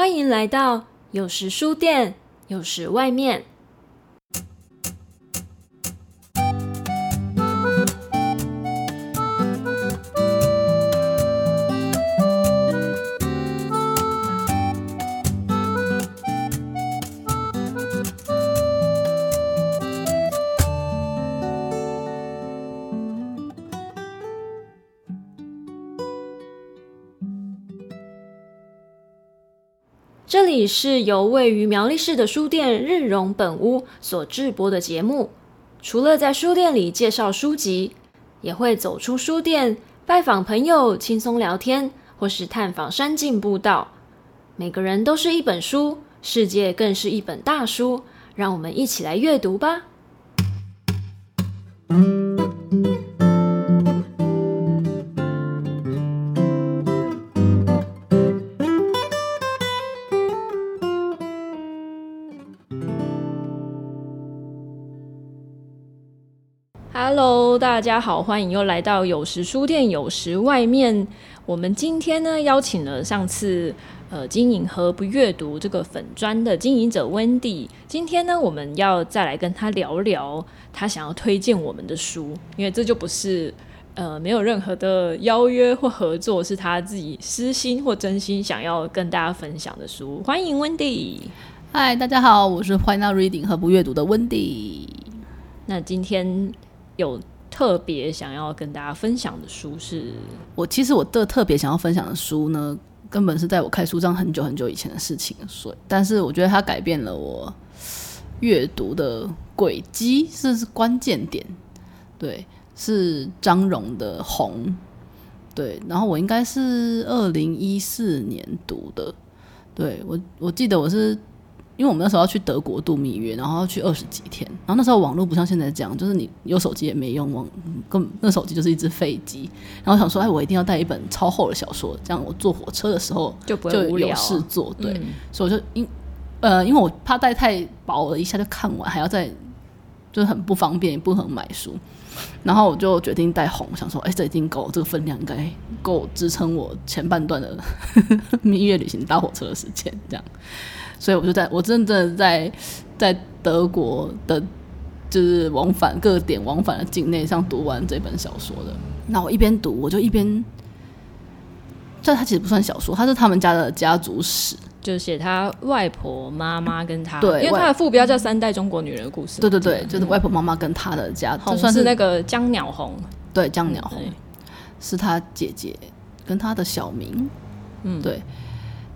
歡迎來到有時書店，有時外面。這裡是由位於苗栗市的書店日榮本屋所製播的節目。除了在書店裡介紹書籍，也會走出書店拜訪朋友，輕鬆聊天，或是探訪山徑步道。每個人都是一本書，世界更是一本大書。讓我們一起來閱讀吧。嗯大家好，歡迎又來到有時書店，有時外面。我們今天呢邀請了上次呃經營何不閱讀這個粉專的經營者 Wendy。今天呢我們要再來跟他聊聊他想要推薦我們的書，因為這就不是呃沒有任何的邀約或合作，是他自己私心或真心想要跟大家分享的書。歡迎 Wendy，嗨，大家好，我是 Why Not Reading 何不閱讀的 Wendy。那今天有。特別想要跟大家分享的書是，我其實我的特別想要分享的書呢，根本是在我開書帳很久很久以前的事情，所以但是我覺得它改變了我閱讀的軌跡，這是關鍵點。對，是張戎的《鴻》，對，然後我應該是二零一四年讀的，對我我記得我是。因為我們那時候要去德國度蜜月，然後要去二十幾天，然後那時候網絡不像現在這樣，就是你有手機也沒用，網、嗯、根本那手機就是一只廢機。然後想說，哎，我一定要帶一本超厚的小說，這樣我坐火車的時候就不有事做，啊、對、嗯。所以我就因呃，因為我怕帶太薄了，一下就看完，還要再就是很不方便，也不可能買書。然後我就決定帶紅，想說，哎，這已經夠，這個分量應該夠支撐我前半段的 蜜月旅行搭火車的時間，這樣。所以我就在，我真的在，在德國的，就是往返各點往返的境內上讀完這本小說的。那我一邊讀，我就一邊，這他其實不算小說，他是他們家的家族史。就寫他外婆、媽媽跟他、嗯，對，因為他的副標叫《三代中國女人的故事》。對對對，對，就是外婆、媽媽跟他的家算，就是那個江鳥紅，對江鳥紅，是他姐姐跟他的小名，嗯，對。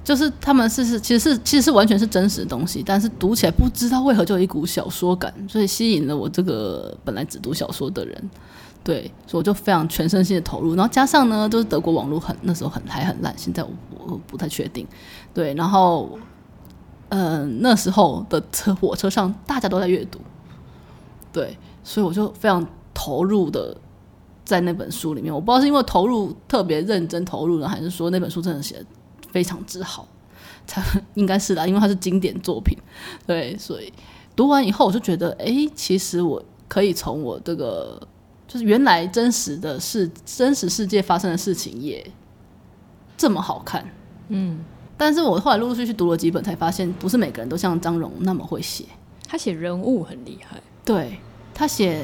就是他們是是，其實是其實是完全是真實的東西，但是讀起來不知道為何就有一股小說感，所以吸引了我這個本來只讀小說的人，對，所以我就非常全身心的投入，然後加上呢，就是德國網絡很那時候很還很爛，現在我不我不太確定，對，然後，嗯、呃，那時候的車火車上大家都在閱讀，對，所以我就非常投入的在那本書裡面，我不知道是因為投入特別認真投入呢，還是說那本書真的寫。非常之好，才應該是的，啊，因為他是經典作品，對，所以讀完以後我就覺得，哎、欸，其實我可以從我這個就是原來真實的事、真實世界發生的事情也這麼好看，嗯。但是我後來陸陸續續讀了幾本，才發現不是每個人都像張戎那麼會寫，他寫人物很厲害，對，他寫，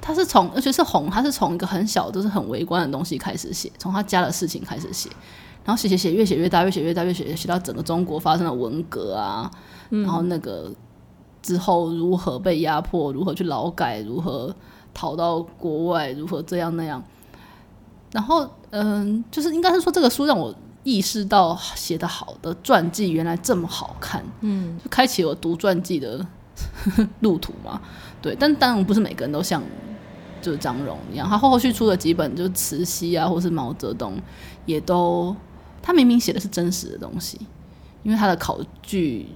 他是從而且是鴻，他是從一個很小就是很微觀的東西開始寫，從他家的事情開始寫。然後寫寫寫，越寫越大，越寫越大，越寫寫到整個中國發生了文革啊、嗯，然後那個之後如何被壓迫，如何去勞改，如何逃到國外，如何這樣那樣。然後嗯、呃，就是應該是說這個書讓我意識到寫得好的傳記原來這麼好看，嗯，就開啟我讀傳記的呵呵路途嘛。對，但當然不是每個人都像就是張戎一樣，他後續出了幾本，就是《慈禧》啊，或是毛澤東也都。他明明寫的是真實的東西，因為他的考據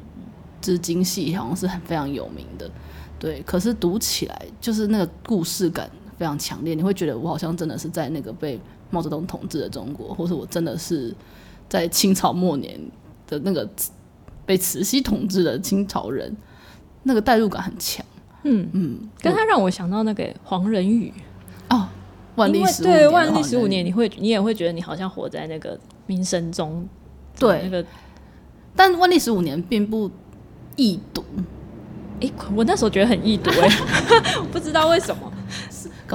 之精細好像是很非常有名的，對。可是讀起來就是那個故事感非常強烈，你會覺得我好像真的是在那個被毛澤東統治的中國，或是我真的是在清朝末年的那個被慈禧統治的清朝人，那個代入感很強。嗯嗯，跟他讓我想到那個黃仁宇。萬曆十五年，對萬曆十五年，你會你也會覺得你好像活在那個民生中，對、啊、那個，但萬曆十五年並不易讀。誒、欸，我那時候覺得很易讀、欸，哎 不知道為什麼。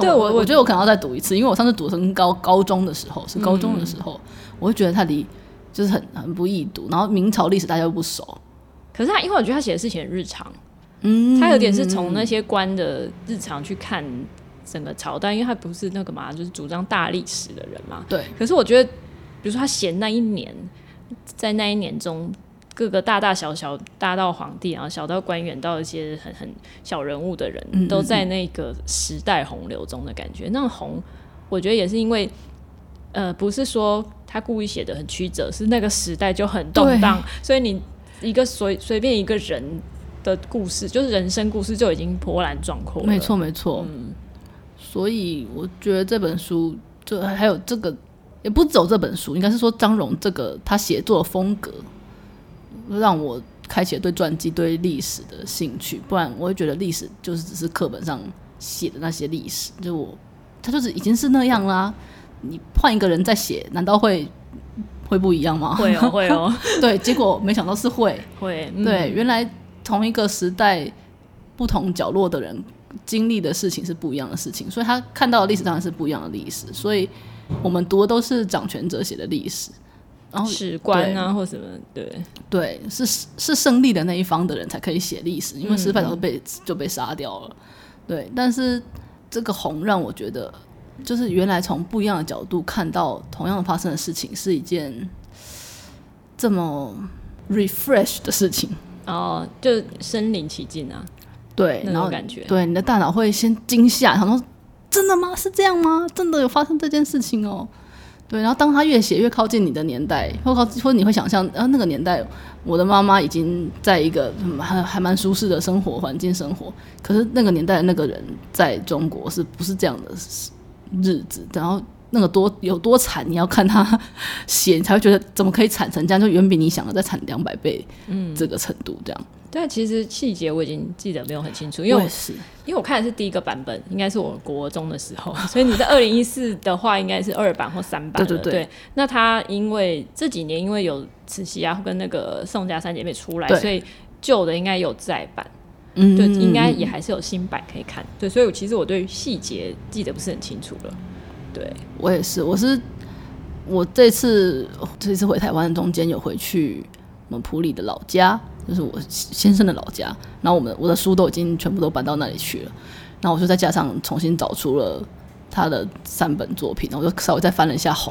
對，我我，我覺得我可能要再讀一次，因為我上次讀成高高中的時候，是高中的時候，嗯、我會覺得它離就是很很不易讀。然後明朝歷史大家又不熟，可是它因為我覺得它寫的是寫日常，嗯，它有點是從那些官的日常去看。整個朝代，因為他不是那個嘛，就是主張大歷史的人嘛。對。可是我覺得，比如說他寫那一年，在那一年中，各個大大小小，大到皇帝，然後小到官員，到一些很很小人物的人，都在那個時代洪流中的感覺。嗯嗯嗯，那個鴻，我覺得也是因為，呃，不是說他故意寫得很曲折，是那個時代就很動盪，所以你一個隨隨便一個人的故事，就是人生故事就已經波瀾壯闊。沒錯，沒錯。嗯。所以我覺得這本書，就還有這個，也不走這本書，應該是說張戎這個他寫作的風格，讓我開啟了對傳記、對歷史的興趣。不然我會覺得歷史就是只是課本上寫的那些歷史，就我他就是已經是那樣啦、啊。你換一個人再寫，難道會會不一樣嗎？會哦，會哦。 對，結果沒想到是會會、嗯。對，原來同一個時代不同角落的人。經歷的事情是不一樣的事情，所以他看到的歷史當然是不一樣的歷史。所以，我們讀的都是掌權者寫的歷史，然後史官啊或什麼，對對，是是勝利的那一方的人才可以寫歷史，因為失敗者被、嗯、就被殺掉了。對，但是這個鴻讓我覺得，就是原來從不一樣的角度看到同樣發生的事情是一件這麼 refresh 的事情哦，就身臨其境啊。對，然後感覺對你的大腦會先驚嚇，想說真的嗎？是這樣嗎？真的有發生這件事情哦？對，然後當他越寫越靠近你的年代，或靠或你會想象，啊，那個年代我的媽媽已經在一個、嗯、還還蠻舒適的生活環境生活，可是那個年代的那個人在中國是不是這樣的日子？然後那個多有多慘？你要看他寫，你才會覺得怎麼可以慘成這樣，就遠比你想的再慘兩百倍，嗯，這個程度這樣。嗯但其實細節我已經記得沒有很清楚，因為我,我是因為我看的是第一個版本，應該是我國中的時候，所以你在二零一四的話，應該是二版或三版。 對,對,對對對。那他因為這幾年因為有慈禧啊，跟那個宋家三姐妹出來，所以舊的應該有再版，嗯,嗯,嗯,嗯，對，應該也還是有新版可以看。對，所以我其實我對細節記得不是很清楚了。對我也是，我是我這次、喔、這次回台灣的中間有回去我們埔里的老家。就是我先生的老家，然後我們我的書都已經全部都搬到那裡去了。然後我就在架上重新找出了他的三本作品，然後我就稍微再翻了一下《鴻》，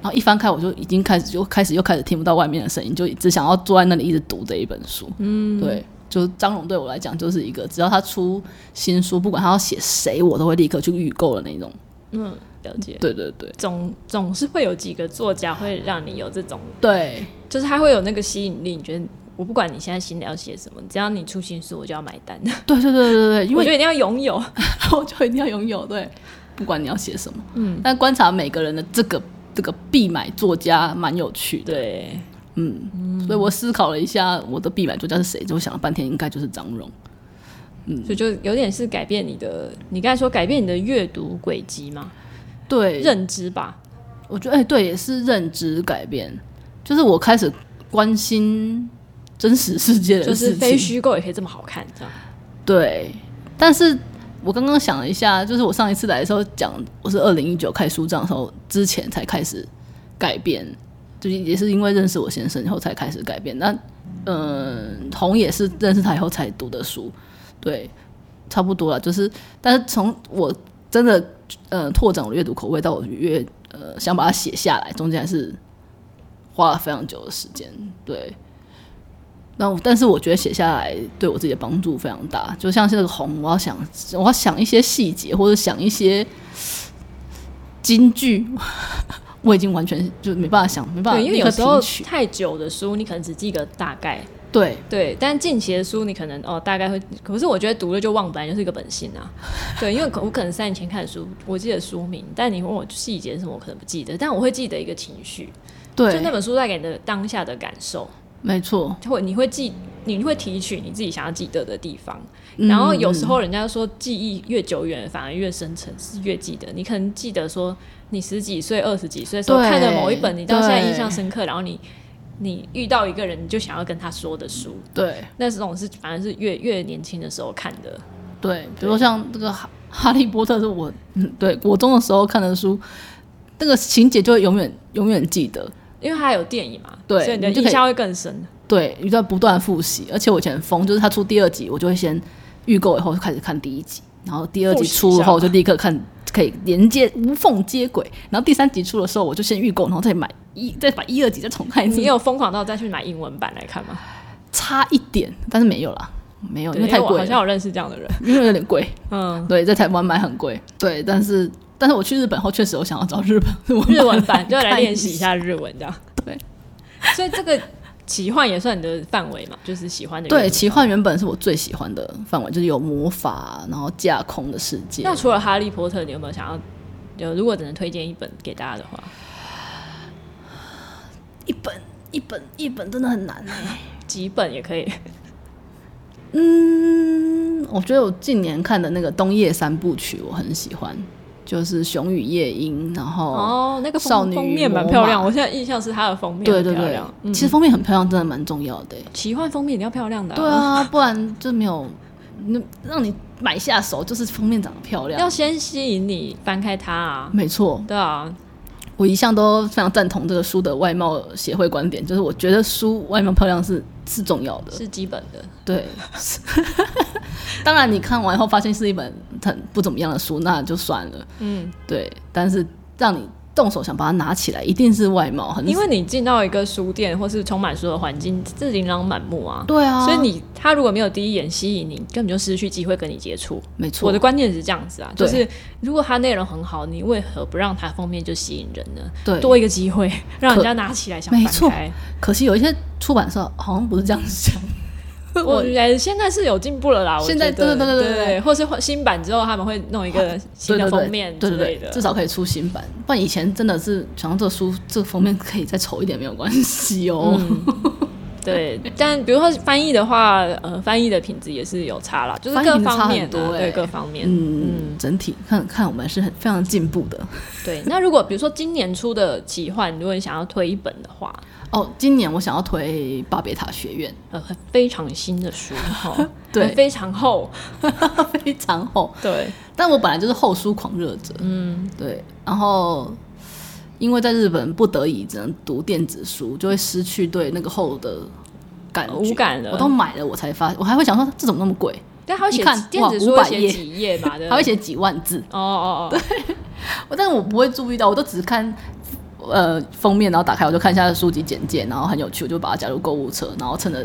然後一翻開我就已經開始，就開始，開始又開始聽不到外面的聲音，就只想要坐在那裡一直讀這一本書。嗯，對，就是張戎對我來講就是一個，只要他出新書，不管他要寫誰，我都會立刻去預購的那種。嗯，了解。對對對，總總是會有幾個作家會讓你有這種對，就是他會有那個吸引力，你覺得？我不管你現在心裡要寫什麼，只要你出新書，我就要買單。對對對對對，因為我覺得一定要擁有， 我就一定要擁有， 有。對，不管你要寫什麼，嗯。但觀察每個人的這個這個必買作家，蠻有趣的。對嗯，嗯。所以我思考了一下，我的必買作家是誰？就我想了半天，應該就是張戎。嗯，所以就有點是改變你的，你剛才說改變你的閱讀軌跡嘛，對，認知吧。我覺得，哎、欸，對，也是認知改變，就是我開始關心。真實世界的事情，就是非虛構也可以這麼好看，這樣。對，但是我剛剛想了一下，就是我上一次來的時候講，我是二零一九開書帳的時候之前才開始改變，就是也是因為認識我先生以後才開始改變。那嗯、呃，紅也是認識他以後才讀的書，對，差不多了。就是，但是從我真的呃拓展了閱讀口味到我越呃想把它寫下來，中間還是花了非常久的時間，對。那但是我覺得寫下來對我自己的幫助非常大，就像這個紅，我要想我要想一些細節或者想一些金句，我已經完全就沒辦法想，沒辦法。因為有時候太久的書，你可能只記得大概。對對，但近期的書，你可能哦大概會，可是我覺得讀了就忘，本就是一個本性啊。對，因為可我可能三年前看的書， 我記得書名，但你問我細節是什麼，我可能不記得，但我會記得一個情緒，對，就那本書帶給你的當下的感受。沒錯，會你會記，你會提取你自己想要記得的地方。嗯、然後有時候人家說記憶越久遠反而越深沉，是越記得。你可能記得說你十幾歲、二十幾歲時候看的某一本，你到現在印象深刻。然後你你遇到一個人，你就想要跟他說的書，對，那這種是反而是越越年輕的時候看的。對，對比如說像這個哈《哈利波特》是我、嗯、對國中的時候看的書，那個情節就會永遠永遠記得。因為它還有電影嘛，對，所以你印象會更深。就對，你在不斷複習，而且我以前瘋，就是他出第二集，我就會先預購，以後開始看第一集，然後第二集出以後，就立刻看，可以連接無縫接軌。然後第三集出的時候，我就先預購，然後再買，再買再一，再把一二集再重看一次。你有瘋狂到再去買英文版來看嗎？差一點，但是沒有了，沒有，因為太貴。我好像我認識這樣的人，因為有點貴。嗯，對，在台灣買很貴。對，但是。但是我去日本後，確實我想要找日本日、本日文版， 就來練習一下日文這樣。對，所以這個奇幻也算你的範圍嘛，就是喜歡的。對，奇幻原本是我最喜歡的範圍，就是有魔法然後架空的世界。那除了哈利波特，你有沒有想要？有，如果只能推薦一本給大家的話，一本一本一本真的很難啊，幾本也可以。嗯，我覺得我近年看的那個《冬夜三部曲》，我很喜歡。就是《熊與夜鶯》，然後少女哦，那個封面蠻漂亮。我現在印象是她的封面對對對、嗯，其實封面很漂亮，真的蠻重要的、欸。奇幻封面一定要漂亮的、啊。對啊，不然就沒有那 讓你買下手，就是封面長得漂亮。要先吸引你翻開它、啊。沒錯。對啊，我一向都非常贊同這個書的外貌協會觀點，就是我覺得書外貌漂亮是。是重要的，是基本的，對。 當然，你看完以後發現是一本很不怎麼樣的書，那就算了。嗯，對。但是讓你。動手想把它拿起來，一定是外貌，很因為你進到一個書店或是充滿書的環境，是琳琅滿目啊。對啊，所以你他如果沒有第一眼吸引你，根本就失去機會跟你接觸。沒錯，我的觀念是這樣子啊，就是如果它內容很好，你為何不讓它封面就吸引人呢？對，多一個機會讓人家拿起來想把它打開可...沒錯。可惜有一些出版社好像不是這樣子想。 我現在是有進步了啦，現在我對對對對對，對，或是換新版之後他們會弄一個新的封面之類的，對對對，對對對，至少可以出新版，不然以前真的是，想要這書這個封面可以再醜一點沒有關係哦、喔嗯對，但比如說翻譯的話，呃，翻譯的品質也是有差啦。就是各方面、啊對，對各方面，嗯嗯，整體看看我們是很非常進步的。對，那如果比如說今年出的奇幻，如果你想要推一本的話，哦，今年我想要推《巴別塔學院》，呃，非常新的書哈，哦、 對、呃，非常厚， 非常厚， 對，但我本來就是厚書狂熱者，嗯，對，然後。因為在日本不得已只能讀電子書，就會失去對那個厚的感覺。無感了，我都買了，我才發，我還會想說這怎麼那麼貴？但他會寫看電子書會寫幾頁嘛，的，他會寫幾萬字。哦哦哦，對，但是我不會注意到，我都只是看呃封面，然後打開我就看一下書籍簡介，然後很有趣，我就把它加入購物車，然後趁着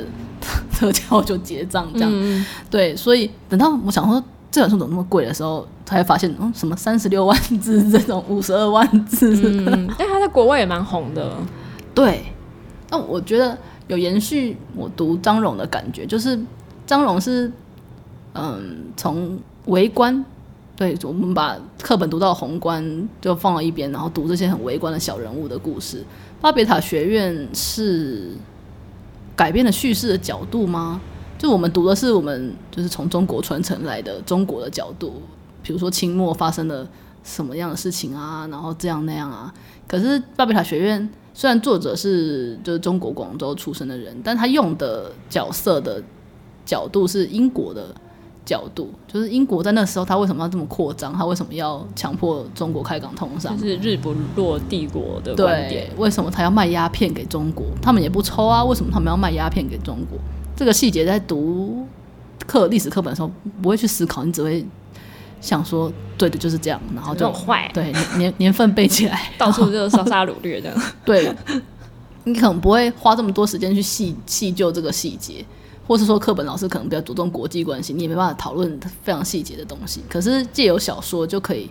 特價我就結賬這樣，嗯嗯。對，所以等到我想說。這本書怎麼那麼貴的時候，才發現，嗯，什麼三十六萬字這種五十二萬字，嗯，因為他在國外也蠻紅的。 對，那、哦、我覺得有延續我讀張戎的感覺，就是張戎是，嗯，從微觀，對，我們把課本讀到宏觀就放到一邊，然後讀這些很微觀的小人物的故事。巴別塔學院是改變了敘事的角度嗎？就我們讀的是我們就是從中國傳承來的中國的角度，比如說清末發生了什麼樣的事情啊，然後這樣那樣啊。可是巴別塔學院雖然作者是就是中國廣州出生的人，但他用的角色的角度是英國的角度，就是英國在那時候他為什麼要這麼擴張，他為什麼要強迫中國開港通商？就是日不落帝國的觀點。對，為什麼他要賣鴉片給中國？他們也不抽啊，為什麼他們要賣鴉片給中國？這個細節在讀課歷史課本的時候，不會去思考，你只會想說：“對的，就是這樣。”然後就壞對，對年年份背起來， 到處就燒殺擄掠這樣。對 你可能不會花這麼多時間去細細究這個細節，或是說課本老師可能比較注重國際關係，你也沒辦法討論非常細節的東西。可是借由小說就可以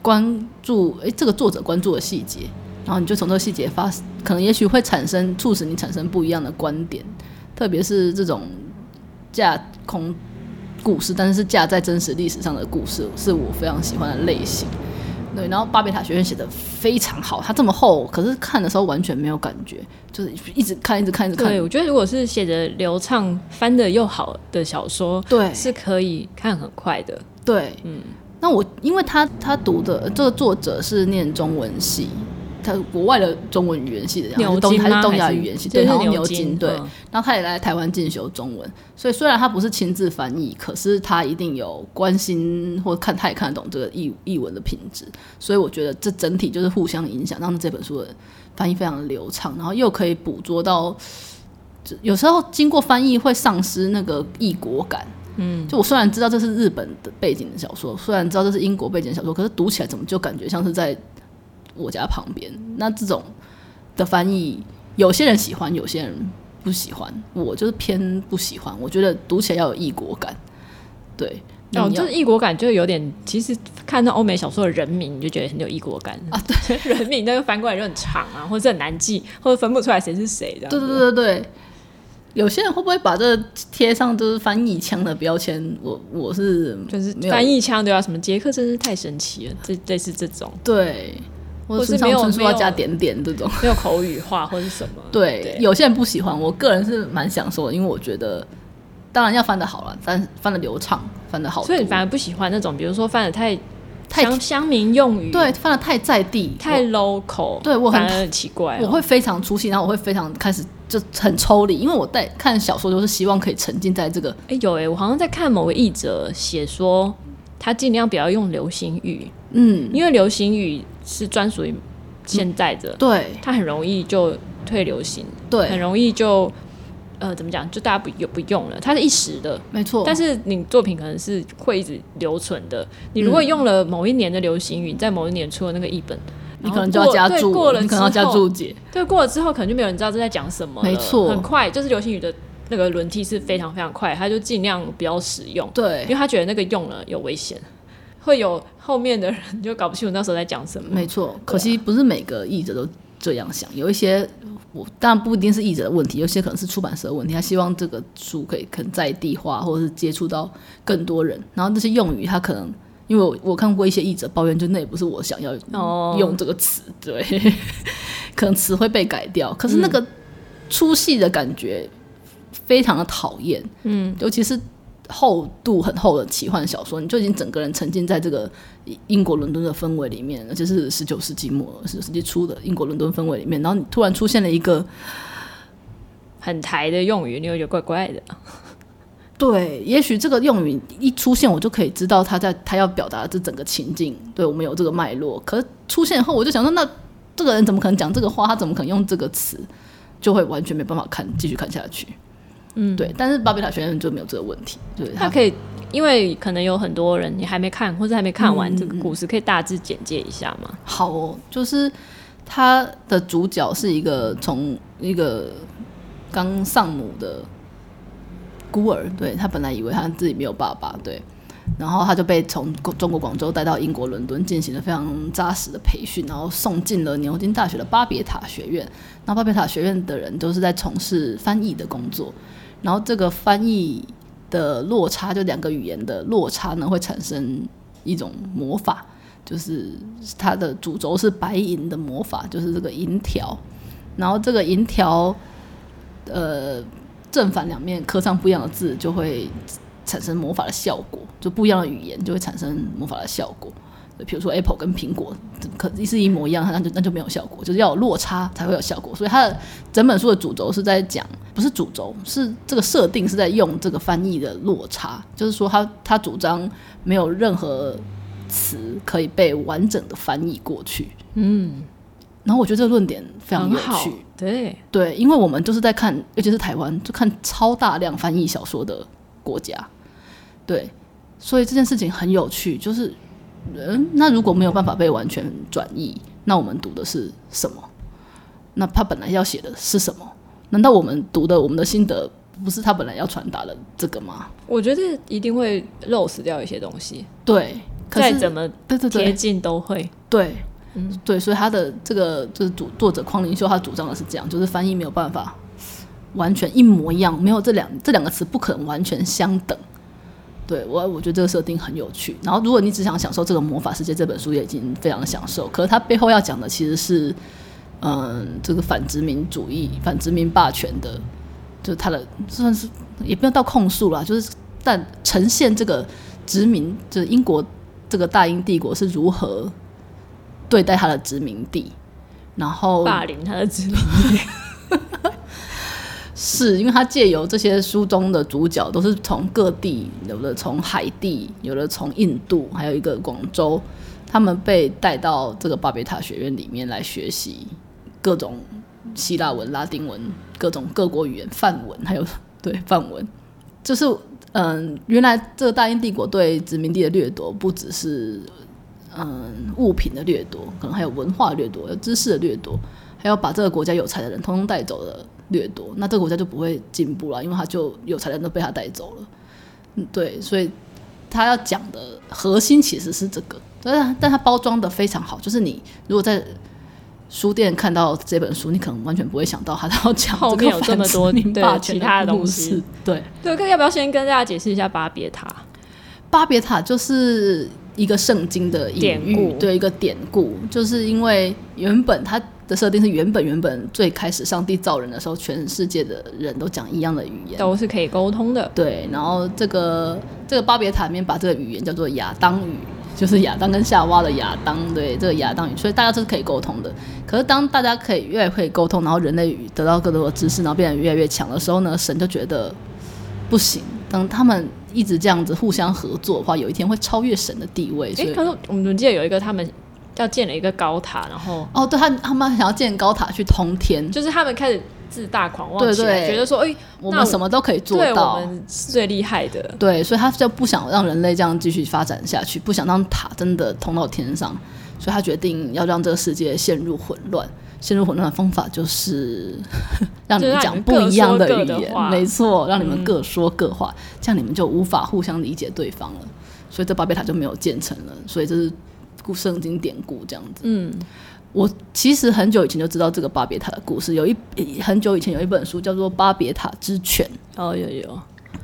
關注哎，這個作者關注的細節，然後你就從這個細節發，可能也許會產生促使你產生不一樣的觀點。特別是這種架空故事，但是是架在真實歷史上的故事，是我非常喜歡的類型。對，然後巴別塔學院寫的非常好，它這麼厚，可是看的時候完全沒有感覺，就是一直看，一直看，一直看。對，我覺得如果是寫的流暢、翻的又好的小說，對，是可以看很快的。對，嗯，那我因為他他讀的這個作者是念中文系。他是國外的中文語言系的，然後東是東亞語言系是對，就是嗯，對，然後牛津，對，然後他也來台灣進修中文，所以雖然他不是親自翻譯，可是他一定有關心或看，他也看得懂這個譯譯文的品質，所以我覺得這整體就是互相影響，讓這本書的翻譯非常的流暢，然後又可以捕捉到，就有時候經過翻譯會喪失那個異國感，嗯，就我雖然知道這是日本的背景的小說，雖然知道這是英國背景的小說，可是讀起來怎麼就感覺像是在。我家旁邊那這種的翻譯，有些人喜歡，有些人不喜歡。我就是偏不喜歡，我覺得讀起來要有異國感。對，就、哦嗯、是異國感就有點。其實看到歐美小說的人名，就覺得很有異國感啊。對，人名那個翻過來就很長啊，或者很難記，或者分不出來誰是誰。這樣。對對對對對。有些人會不會把這貼上都是翻譯腔的標籤？我我是就是翻譯腔，就是、對啊，什麼傑克真是太神奇了。這類似這種，對。我是沒有沒要加點點這種沒沒，沒有口語化或者什麼 對。對，有些人不喜歡，我個人是蠻享受的，因為我覺得，當然要翻的好了，但翻的流暢，翻的好，所以反而不喜歡那種，比如說翻的太太鄉民用語，對，翻的太在地，太 local，我對我很很奇怪、哦，我會非常出戲，然後我會非常開始就很抽離，因為我在看小說就是希望可以沉浸在這個。哎、欸、有哎，我好像在看某位譯者寫說。他儘量不要用流行語，嗯，因為流行語是專屬於現在的，嗯、對，它很容易就退流行，對，很容易就呃怎麼講，就大家不用不用了，它是一時的，沒錯。但是你作品可能是會一直留存的、嗯，你如果用了某一年的流行語，在某一年出了那個譯本，你可能就要加注對，過了之後你可能要加註解，對，過了之後可能就沒有人知道這在講什麼了，沒錯，很快就是流行語的。那個輪替是非常非常快，他就盡量不要使用，對，因為他覺得那個用了有危險，會有後面的人就搞不清楚那時候在講什麼。沒錯、啊，可惜不是每個譯者都這樣想，有一些我當然不一定是譯者的問題，有一些可能是出版社的問題。他希望這個書可以肯在地化，或者是接觸到更多人。然後那些用語，他可能因為我我看過一些譯者抱怨，就那也不是我想要用這個詞，oh. 對， 可能詞會被改掉。可是那個出戲的感覺，嗯非常的討厭，嗯，尤其是厚度很厚的奇幻小說，你就已經整個人沉浸在這個英國倫敦的氛圍裡面了，而且是十九世紀末、十九世紀初的英國倫敦氛圍裡面。然後你突然出現了一個很台的用語，你有覺得怪怪的。對，也許這個用語一出現，我就可以知道他在他要表達這整個情境，對我們有這個脈絡。可是出現後，我就想說，那這個人怎麼可能講這個話？他怎麼可能用這個詞？就會完全沒辦法看，繼續看下去。嗯，對，但是巴別塔學院就沒有這個問題，對，他可以他，因為可能有很多人你還沒看或者還沒看完這個故事，嗯嗯、可以大致簡介一下嘛。好、哦，就是他的主角是一個從一個剛喪母的孤兒，對，他本來以為他自己沒有爸爸，對，然後他就被從中國廣州帶到英國倫敦，進行了非常扎實的培訓，然後送進了牛津大學的巴別塔學院，那巴別塔學院的人都是在從事翻譯的工作。然後這個翻譯的落差，就兩個語言的落差呢，會產生一種魔法，就是它的主軸是白銀的魔法，就是這個銀條。然後這個銀條，呃，正反兩面刻上不一樣的字，就會產生魔法的效果，就不一樣的語言就會產生魔法的效果。比如說 Apple 跟蘋果可是一,一模一樣，那就那就沒有效果，就是要有落差才會有效果。所以它的整本書的主軸是在講，不是主軸，是這個設定是在用這個翻譯的落差，就是說他他主張沒有任何詞可以被完整的翻譯過去。嗯，然後我覺得這個論點非常有趣，對對，因為我們就是在看，尤其是台灣，就看超大量翻譯小說的國家，對，所以這件事情很有趣，就是。嗯，那如果沒有辦法被完全轉譯，那我們讀的是什麼？那他本來要寫的是什麼？難道我們讀的我們的心得不是他本來要傳達的這個嗎？我覺得一定會 lose 掉一些東西。對，可是怎麼對對對接近都會。對，對，對，對，對、嗯，對，所以他的這個就是主作者匡靈秀，他主張的是這樣，就是翻譯沒有辦法完全一模一樣，沒有這兩這兩個詞不可能完全相等。對我，我覺得這個設定很有趣。然後，如果你只想享受這個魔法世界，這本書也已經非常的享受。可是，它背後要講的其實是，嗯，這個反殖民主義、反殖民霸權的，就是他的算是也不用到控訴了，就是但呈現這個殖民，就是英國這個大英帝國是如何對待他的殖民地，然後霸凌他的殖民地。 是，因為他借由這些書中的主角，都是從各地，有的從海地，有的從印度，還有一個廣州，他們被帶到這個巴別塔學院裡面來學習各種希臘文、拉丁文，各種各國語言梵文，還有對梵文，就是嗯，原來這個大英帝國對殖民地的掠奪，不只是嗯物品的掠奪，可能還有文化掠奪，知識的掠奪，要把這個國家有才的人通通帶走的掠奪，那這個國家就不會進步了，因為他就有才的人都被他帶走了。嗯，對，所以他要講的核心其實是這個，但是但他包裝的非常好，就是你如果在書店看到這本書，你可能完全不會想到他要講後面有這麼多，對，其他的故事，對。對，可要不要先跟大家解釋一下巴別塔？巴別塔就是一個聖經的典故，對，一個典故，就是因為原本他。的設定是，原本原本最開始上帝造人的時候，全世界的人都講一樣的語言，都是可以溝通的。對，然後這個這個巴別塔裡面把這個語言叫做亞當語，就是亞當跟夏娃的亞當，對，這個亞當語，所以大家都是可以溝通的。可是當大家可以越來越溝通，然後人類得到更多的知識，然後變得越來越強的時候呢，神就覺得不行。當他們一直這樣子互相合作的話，有一天會超越神的地位。所以，欸，可是我們記得有一個他們。要建了一個高塔，然後哦，對，他他們想要建高塔去通天，就是他們開始自大狂妄起來，對對，覺得說，哎，我們什麼都可以做到，我們是最厲害的。對，所以他就不想讓人類這樣繼續發展下去，不想讓塔真的通到天上，所以他決定要讓這個世界陷入混亂。陷入混亂的方法就是 讓你們講不一樣的語言，就是、各各沒錯，讓你們各說各話、嗯，這樣你們就無法互相理解對方了。所以這巴別塔就沒有建成了。所以這是。故聖經典故這樣子，嗯，我其實很久以前就知道這個巴別塔的故事。有一很久以前有一本書叫做《巴別塔之犬》哦，有有，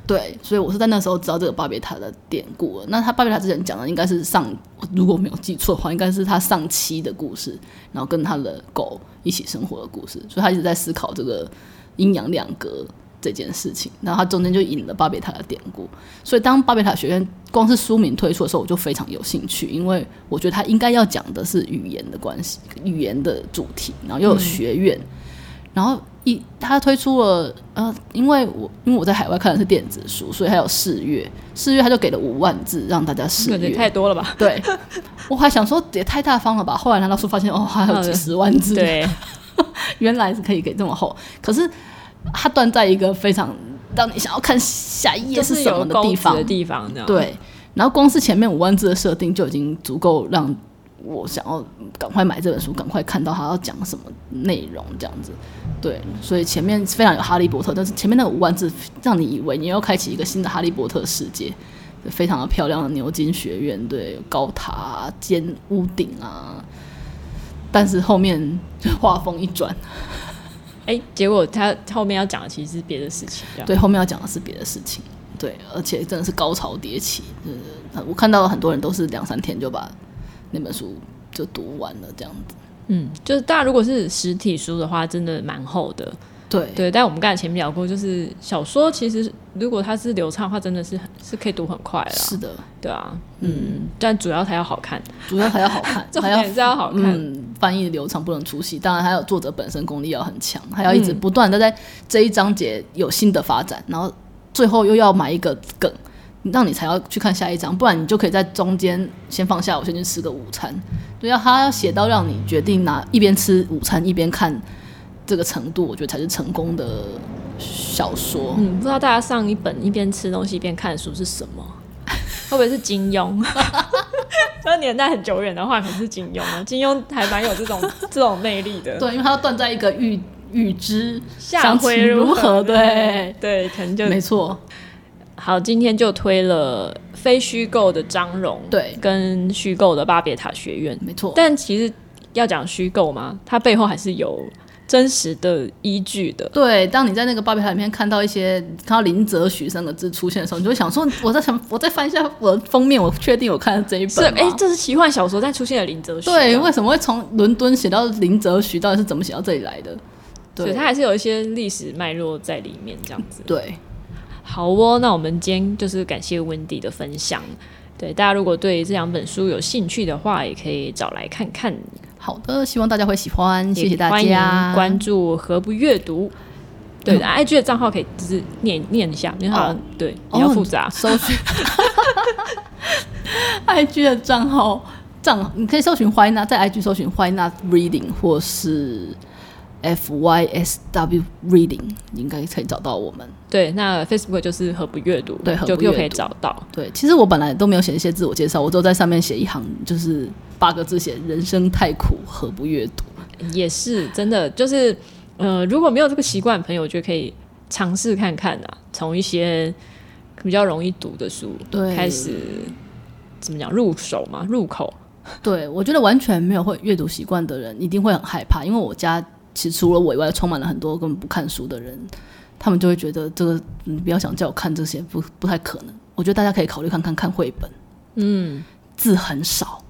對，所以我是在那時候知道這個巴別塔的典故。那他巴別塔之前講的應該是上，如果沒有記錯的話，應該是他亡妻的故事，然後跟他的狗一起生活的故事，所以他一直在思考這個陰陽兩隔。嗯這件事情，然後他中間就引了巴別塔的典故，所以當巴別塔學院光是書名推出的時候，我就非常有興趣，因為我覺得他應該要講的是語言的關係，語言的主題，然後又有學院，嗯、然後一他推出了呃，因為我因為我在海外看的是電子書，所以他有試閱。試閱他就給了五萬字讓大家試閱，太多了吧？對，我還想說也太大方了吧，後來拿到書發現哦，還有幾十萬字，對， 原來是可以給這麼厚，可是。它斷在一個非常讓你想要看下一頁是什麼的地方，地方對。然後光是前面五萬字的設定就已經足夠讓我想要趕快買這本書，趕快看到它要講什麼內容這樣子。對，所以前面非常有哈利波特，但是前面那個五萬字讓你以為你要開啟一個新的哈利波特世界，非常的漂亮的牛津學院，對，高塔、啊、尖屋頂啊。但是後面畫風一轉。哎、欸，結果他後面要講的其實是別的事情。對，後面要講的是別的事情。對，而且真的是高潮迭起。對、就是、我看到很多人都是兩三天就把那本書就讀完了，這樣子。嗯，就是大家如果是實體書的話，真的蠻厚的。對對，但我們剛才前面聊過，就是小說其實如果它是流暢的話，真的是很是可以讀很快了。是的，對啊，嗯，但主要它要好看，主要還要好看， 還要還要好看。嗯，翻譯流暢不能出戲，當然還有作者本身功力要很強，還要一直不斷的在這一章節有新的發展、嗯，然後最後又要埋一個梗，讓你才要去看下一章，不然你就可以在中間先放下，我先去吃個午餐。對，要他要寫到讓你決定拿一邊吃午餐一邊看。這個程度，我覺得才是成功的小說。嗯，不知道大家上一本一邊吃東西一邊看書是什麼？會不會是金庸？那 年代很久遠的話，可能是金庸。金庸還蠻有這種 這種魅力的。對，因為他斷在一個欲、欲知下回如何。對對，對，可能就沒錯。好，今天就推了非虛構的張戎，對，跟虛構的巴別塔學院。沒錯，但其實要講虛構嘛，它背後還是有。真實的依據的，對。當你在那個巴別塔裡面看到一些看到林則徐三個字出現的時候，你就會想說，我在想，我再翻一下我的封面，我確定我看了這一本哎，這是奇幻小說，但出現了林則徐、啊，對，為什麼會從倫敦寫到林則徐？到底是怎麼寫到這裡來的對？所以它還是有一些歷史脈絡在裡面，這樣子。對，好哦，那我們今天就是感謝 Wendy 的分享。對，大家如果對這兩本書有興趣的話，也可以找來看看。好的，希望大家會喜歡，謝謝大家。關注何不閱讀？嗯、對，IG 的賬號可以就是念念一下，你、哦、好，對，比較複雜，哦、搜尋 IG 的賬號賬，你可以搜尋 Why Not 在 IG 搜尋 Why Not Reading 或是。FYSW Reading 你應該可以找到我們對，那 Facebook 就是何不閱讀對，何不閱讀，就又可以找到對。其實我本來都沒有寫一些自我介紹，我都在上面寫一行，就是八個字，寫人生太苦，何不閱讀？也是真的，就是呃，如果沒有這個習慣，朋友就可以嘗試看看啊，從一些比較容易讀的書開始，對，怎麼講入手嘛，入口。對，我覺得完全沒有會閱讀習慣的人，一定會很害怕，因為我家。其實除了我以外，充滿了很多根本不看書的人，他們就會覺得這個，你，嗯，不要想叫我看這些，不，不太可能。我覺得大家可以考慮看看看繪本，嗯，字很少。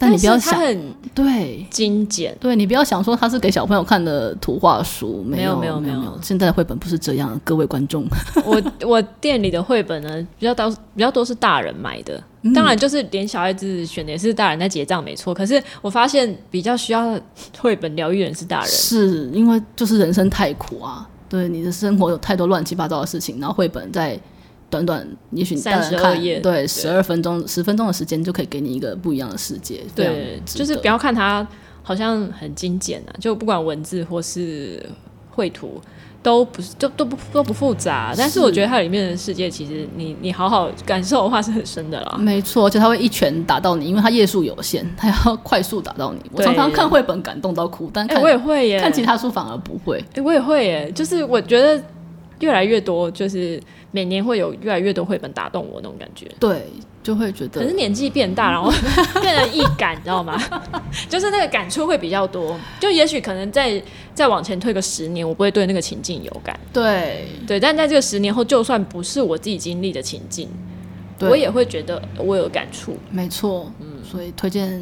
但，你不要想，但是它很對精簡，對，你不要想說它是給小朋友看的圖畫書，沒有沒有沒有，現在的繪本不是這樣。各位觀眾，我 我店裡的繪本呢，比較到比較多是大人買的、嗯，當然就是連小孩子選的也是大人在結賬沒錯。可是我發現比較需要繪本療癒人是大人，是因為就是人生太苦啊，對，你的生活有太多亂七八糟的事情，然後繪本在。短短，也許三十二頁對，十二分鐘、十分鐘的時間就可以給你一個不一樣的世界。對，就是不要看它好像很精簡啊，就不管文字或是繪圖，都不是，都都不都不複雜。但是我覺得它裡面的世界，其實你你好好感受的話，是很深的啦。沒錯，就它會一拳打到你，因為它頁數有限，它要快速打到你。我常常看繪本感動到哭，但看、欸、我也會耶看其他書反而不會。欸、我也會耶，就是我覺得。越來越多，就是每年會有越來越多繪本打動我那種感覺。對，就會覺得。可是年紀變大，然後變得易感，你 知道嗎？就是那個感觸會比較多。就也許可能再再往前推個十年，我不會對那個情境有感。對對，但在這個十年後，就算不是我自己經歷的情境對，我也會覺得我有感觸。沒錯，嗯，所以推薦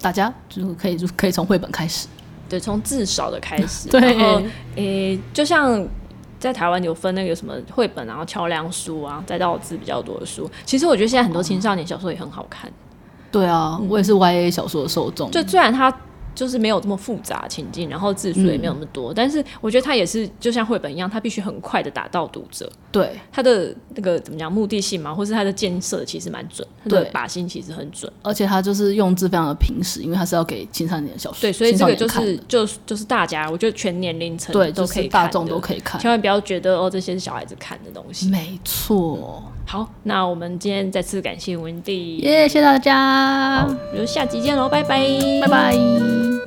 大家就是可以就可以從繪本開始，對，從字少的開始。對，然後誒，就像。在台灣有分那個有什麼繪本啊，然後橋梁書啊，再到我字比較多的書。其實我覺得現在很多青少年小說也很好看。嗯，對啊，我也是 YA 小說的受眾。就雖然他。就是沒有這麼複雜情境，然後字數也沒有那麼多，嗯、但是我覺得它也是就像繪本一樣，它必須很快的打到讀者。對，它的那個怎麼講，目的性嘛，或是它的建設其實蠻準，對，它的靶心其實很準。而且它就是用字非常的平實，因為它是要給青少年小說，對，所以這個就是就就是大家，我覺得全年齡層都可以，大眾都可以看，千萬不要覺得哦這些是小孩子看的東西，沒錯。好，那我們今天再次感謝 Wendy，yeah, 謝謝大家，我們下集見嘍，拜拜，拜拜。